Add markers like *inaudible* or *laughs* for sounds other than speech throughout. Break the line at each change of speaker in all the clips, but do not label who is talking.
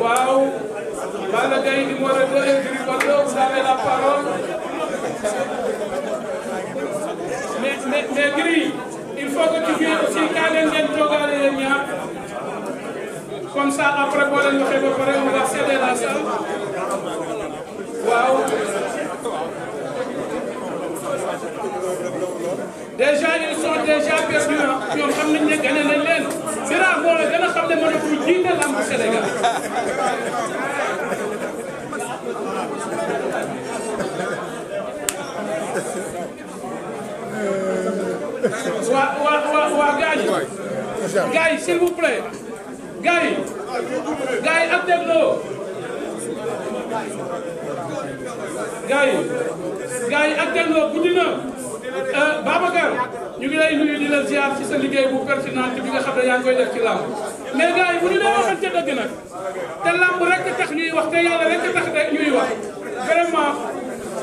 waaw Balla Gaye numéro 2 Gris Bordeaux vous avez la parole mais mais mais Gris il faut que tu viennes aussi kaa leen ngeen toogaale leen ñaar comme ça après boo leen waxee ba pare on va céder la salle waaw déjà ils sont déjà perdus ñoom xam nañ ne gagné nañ leen. Fira moo la gën a xam s'il vous plaît. gars yi. gars yi ak dégloo. gars yi. gars yi ak dégloo ñu ngi lay nuyu di la ci sa liggéey bu pertinent bi nga xam ne yaa ngi koy ci làmb mais yi bu ñu nee waxante dëgg nag te làmb rek tax ñuy wax te yàlla rek tax ñuy wax vraiment.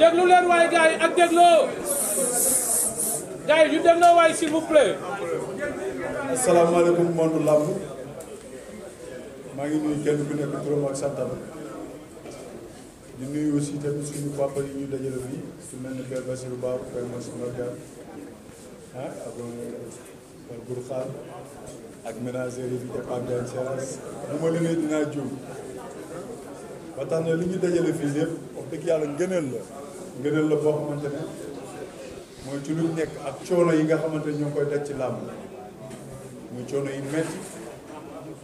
déglu leen waay gars yi ak dégloo gars yi ñu dégloo waay s'il vous plaît.
asalaamaaleykum monde làmb maa ngi nuyu kenn ku nekk turam ak santam di nuyu aussi tamit suñu papa yi ñuy dajale fii su mel ni Père Bassirou Ba Père Mansour Mbargane ah ak Père Bourkhane ak dinaa juum ba tax na li ñuy dajale fii lépp wax dëgg yàlla ngëneel la. ngëneel la boo xamante ne mooy ci luñ nekk ak coono yi nga xamante ne ñoo koy daj ci làmb muy coono yi metti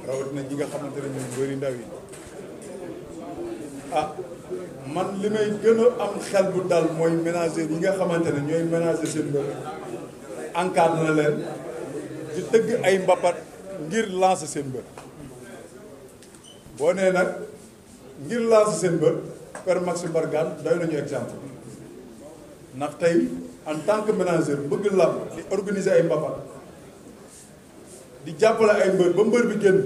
rawatina ñi nga xamante ne ñun bëri ndaw yi ah man li may gën a am xel bu dal yi nga xamante ne ñooy ménager seen mbër encadre na leen di tëgg ay mbapat ngir lancer seen mbër boo nee nag ngir lancer seen mbër Père Maxime Bargane doy nañu exemple ndax tey en tant que manager bëgg làmb di organiser ay mbapat di
jàppale ay mbër ba mbër bi génn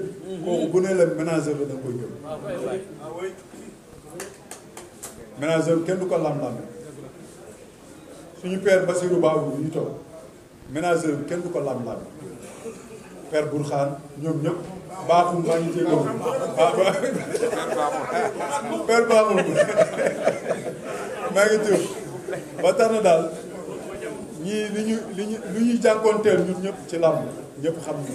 kooku bu ne la manager la da nga koy gëm
kenn du ko lam-lame suñu père Basirou Babou ñu toog lam-lame père Bourkhane ñoom ñëpp baaxum maa ngi jéego baa père baaxum maa ngi tuub ba tax daal ñii li ñu li ñu lu ñuy jànkoonteel ñun ñëpp ci làmb ñëpp xam ni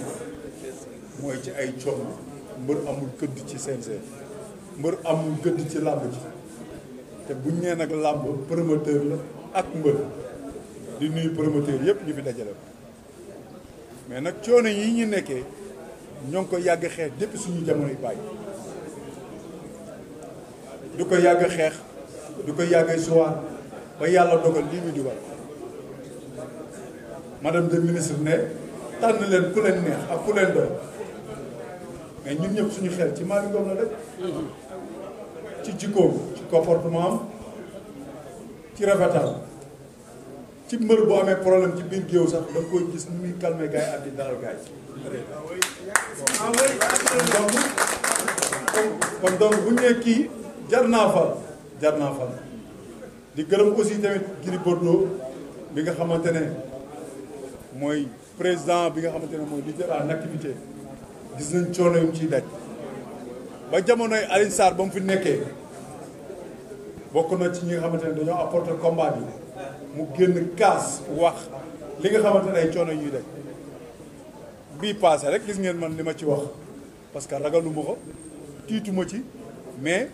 mooy ci ay coono mbër amul gëdd ci CNG mbër amul gëdd ci làmb ji te buñ nee nag làmb promoteur la ak mbër di nuyu promoteur yëpp ñu fi dajale mais nag coono yi ñu nekkee ñoo ngi ko yàgg xeex depuis suñu jamonoy bàyyi du ko yàgg xeex du ko yàgg suwaar ba yàlla dogal lii ñu dugal madame de ministre ne tànn leen ku leen neex ak ku leen doy mais ñun ñëpp suñu xel ci Malick Ngom la rek ci jikkoom ci comportement am ci rafetal ci mbër bu amee problème ci biir géew sax da ko gis ni muy calmé gars yi ak di dalal gars yi kon donc bu ñu nee kii jar naa fal jar naa fal di gërëm aussi tamit Gris Bordeaux bi nga xamante ne mooy président bi nga xamante ne mooy lutteur en activité gis nañ coono yu ciy daj ba jamonoy Alioune Sarr ba mu fi nekkee bokk na ci ñi nga xamante ne dañoo apporter combat bi mu génn kaas wax li nga xamante ne ay coono ñuy daj bii paase rek gis ngeen man li ma ci wax parce que ragalu ko tiitu ci mais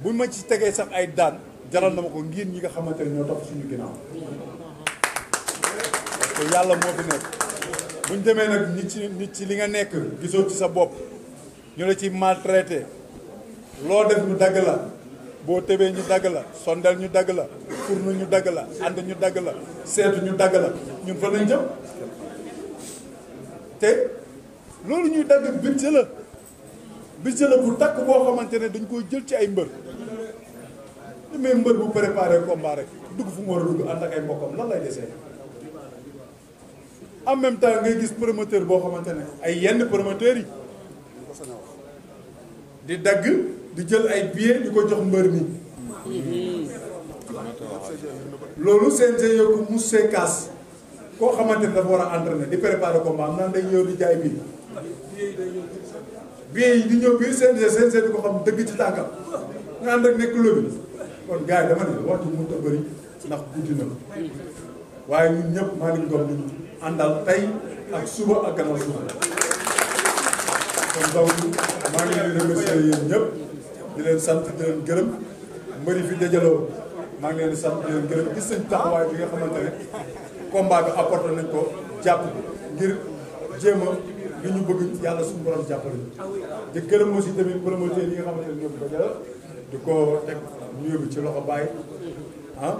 bu ma ci tegee sax ay daan. jaral na ma ko ngiir ñi nga xamante ne ñoo topp suñu ginnaaw parce que yàlla moo fi nekk buñ demee nag nit ci nit ci li nga nekk gisoo ci sa bopp ñu la ci maltraité loo def ñu dagg la boo tëbee ñu dagg la sondel ñu dagg la furnu ñu dagg la seetu ñu dagg ñun fa lañ loolu ñuy dagg budget bu takk boo xamante ne dañ koy jël ci ay mbër mais mbër bu préparé combat rek dugg fu mu war a dugg ànd ak ay mbokkam lan lay desee en même temps ngay gis promoteur boo xamante ne ay yenn promoteurs yi di dagg di jël ay billets di ko jox mbër mi loolu CNG yokk mu seekaas koo xamante ne dafa war a entraîner di préparer combat am naan day ñëw di jaay bii billets yi di ñëw biir CNG CNG di ko xam dëgg ci tànkam nga ànd ak nekk lobby kon gars yi dama ne waxtu mu mënut a bëri ndax guddi na waaye ñun ñëpp maa ngi doon ñu àndal tey ak suba ak gannaaw suba kon donc maa di remercier sant di leen gërëm mbëri fi maa ngi leen di sant bi nga xamante ne combat bi apporté nañ ko jàpp ngir jéem a ñu bëgg yàlla suñu borom jàppale di gërëm aussi tamit promoteur yi nga xamante ne ñoom ko jël di ko teg nuyu bi ci loxo bàyyi ah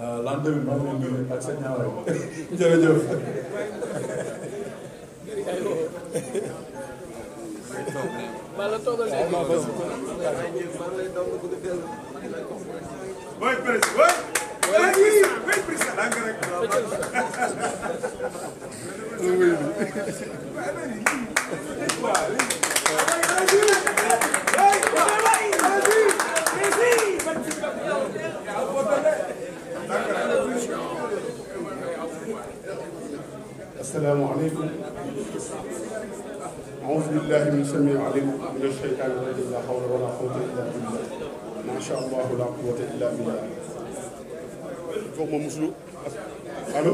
euh, l'an 2000 maa ngi leen nuyu ak sa ñaawal *laughs* jërëjëf.
mooy président oui
mooy président da nga rek. waaw
أعوذ بالله من السميع العليم من الشيطان الرجيم لا حول ولا قوة إلا بالله ما شاء الله لا قوة إلا بالله foog ma muslu allo.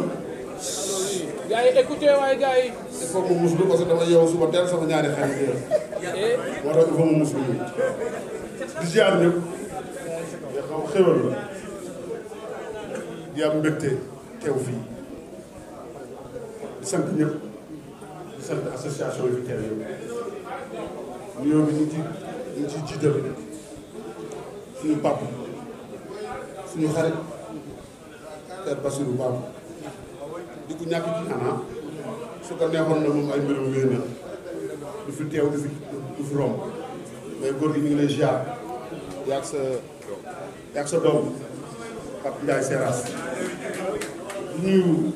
gars yi écouté waaye gars yi.
foog ma muslu parce que dama yeewu suba teel sama ñaari xarit yi. Eh? moo tax il faut ma muslu ñun. di ziar ñëpp. nga xam xéwal la. di am mbégte teew fii. di sant ñëpp. sant association yi fi teew yëpp ñu ngi ci ñu ngi ci jiital suñu pàpp suñu xarit Père Bassirou Ba di ko ñàkk ci ah. su ko neexoon na moom ay mbirum wéy na du fi teew du fi du fi romb mais góor gi ñu ngi lay ziar yaa sa yaa sa doom Pape Ndiaye Seras nuyu.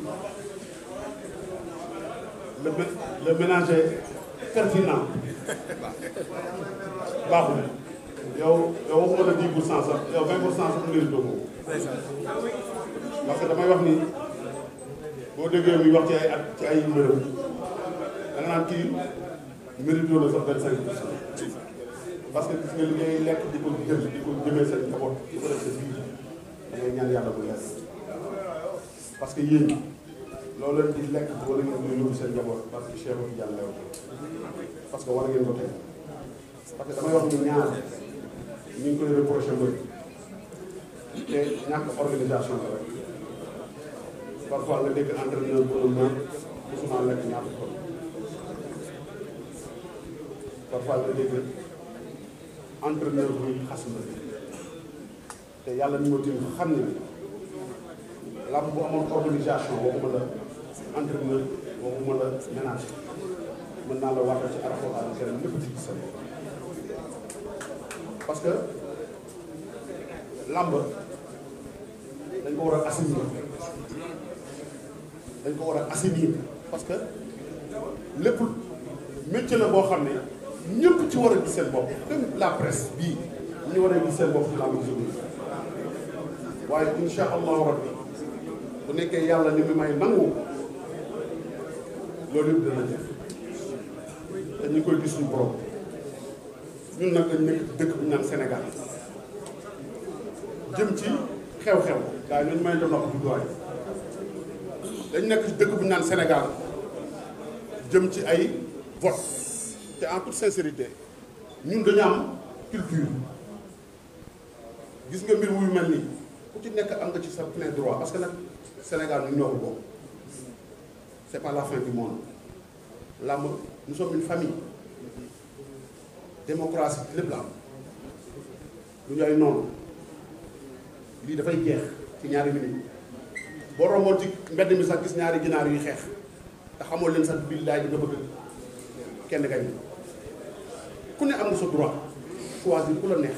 le le ménager pertinent baaxul yow yow waxuma la 10 pour cent sax yow 20 pour cent sax mérite ko parce que damay wax ni boo déggee muy wax ci ay at ci ay mbërëm da nga naan kii mérite la sax 25 pour cent parce que gis li ngay lekk di ko jël di ko jëmee sa njaboot di ko def sa biir da ngay ñaan yàlla bu leer parce que loolu di lekk wala ngeen di seen njaboot parce que Cheikh Oumy Diallo lew parce que war ngeen ko tey parce que damay wax ni ñaar ñu ngi koy reproché te ñàkk organisation la rek parfois nga dégg entraîneur bu ne xas mbëri te yàlla ñu ma tim xam ne làmb bu amoon organisation waxuma la entrepreneur boobu mën a ménager mën naa la waxal ci alxuraan kenn ñëpp ci gis seen que làmb ko war a assainir ko war a assainir parce que lépp la boo xam ne ñëpp ci war a seen bopp même la presse a gis seen bopp ci làmb journée waaye insha allahu rabbi bu nekkee yàlla ni mu may nangu loolu yëpp dana jëf te ñu koy gis ñun nag dañ dëkk naan Sénégal ci xew-xew daay nañ may doon wax du naan Sénégal jëm ci ay vote te en ñun dañu am culture gis nga mbir wuyu mel nii ku ci nekk am nga ci sa plein droit parce que nag Sénégal ñu ñoo ko c'est pas la fin bi moom làmb nous sommes une famille démocratie lépp la am lu noonu lii dafay jeex ci ñaari minute boo romboon ci mbedd mi sax gis ñaari ginaar yuy xeex te xamoo leen sax billaay bi nga bëgg kenn gañ ku ne am nga sa droit choisir ku la neex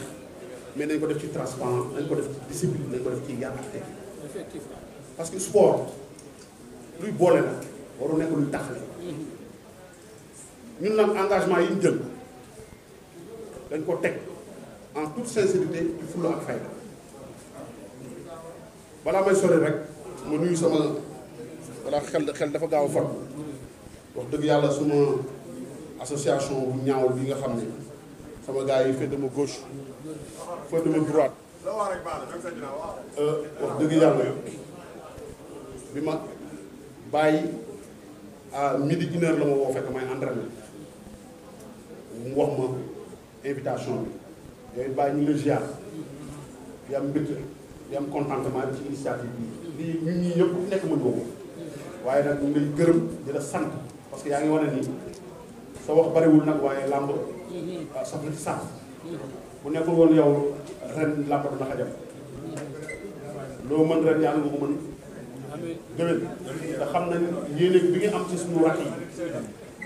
mais nañ ko def ci transparence nañ ko def ci discipline nañ ko def ci yar ak tey parce que sport luy boole la waru nekk luy taxale ñun nag engagement yi ñu jël dañ ko teg en toute sincérité ci fulla ak fayda balaa may sori rek ma nuyu sama balaa xel dafa gaaw a fot wax dëgg yàlla suma association bu ñaaw bi nga xam ne sama gars yi féete ma gauche féete ma droite euh, wax dëgg yàlla bi ma bàyyi à midi une heure la ma woo fekk may entraîné mu wax ma invitation bi yooyu bàyyi ñu la ziar di am mbégte di am contentement ci initiative bi lii ñun ñii ñëpp ku nekk mën nga ko waaye nag ñu ngi lay gërëm di la sant parce que yaa ngi wane ni sa wax bariwul nag waaye làmb ah saf na ci sax bu nekkul woon yow ren làmb du naka jam loo mën ren yàlla nga ko mën déwén te xam nañ yéene bi nga am ci suñu rakk yi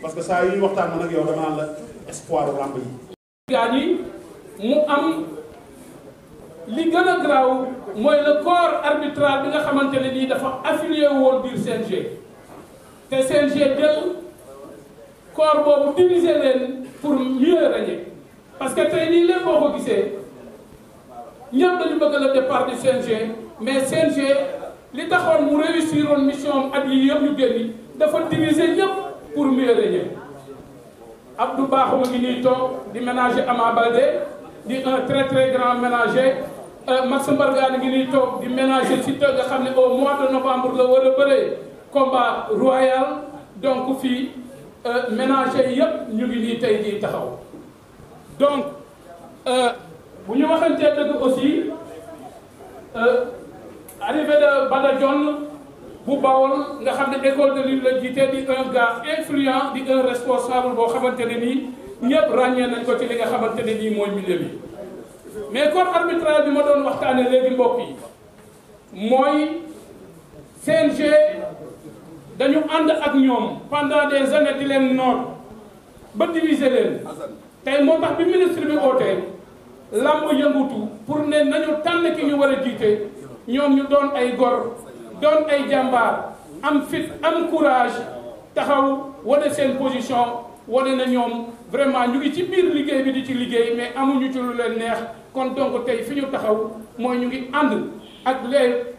parce que saa yu ñu waxtaan man ak yow dama naan la espoir u
yi. mu am li gën a garaaw mooy le corps arbitral bi nga xamante ne nii dafa affilié woon biir CNG te CNG jël corps boobu diviser leen pour mieux régner parce que tey nii lépp boo ko gisee ñëpp dañu bëgg le départ du CNG mais CNG. li taxoon mu réussir mission at yi yëpp ñu génn dafa diviser ñëpp pour mieux régner Abdou Bakhoum a ngi nii toog di ménager Ama Baldé di un très très grand ménager euh, Maxime Bargane ngi nii toog di ménager Siteu nga xam ne au mois de novembre la war a bëree combat royal donc fii euh, ménager yëpp ñu ngi nii tey jii taxaw donc euh, bu ñu waxantee dëgg aussi. arrivé de Bada Dione bu Bawol nga xam ne école de lutte la jiite di un gars influent di un responsable boo xamante ne nii ñëpp ràññee nañ ko ci li nga xamante ne nii mooy milieu bi mais corps arbitral bi ma doon waxtaane léegi mbokk yi mooy CNG dañu ànd ak ñoom pendant des années di leen noot ba diviser leen tey moo tax bi ministre bi ootee làmb yëngutu pour ne nañu tànn ki ñu war a jiite ñoom ñu doon ay gor doon ay jàmbaar am fit am courage taxaw wane seen position wane na ñoom vraiment ñu ngi ci biir liggéey bi di ci liggéey mais amuñu ci lu leen neex kon donc tey fi ñu taxaw mooy ñu ngi ànd ak les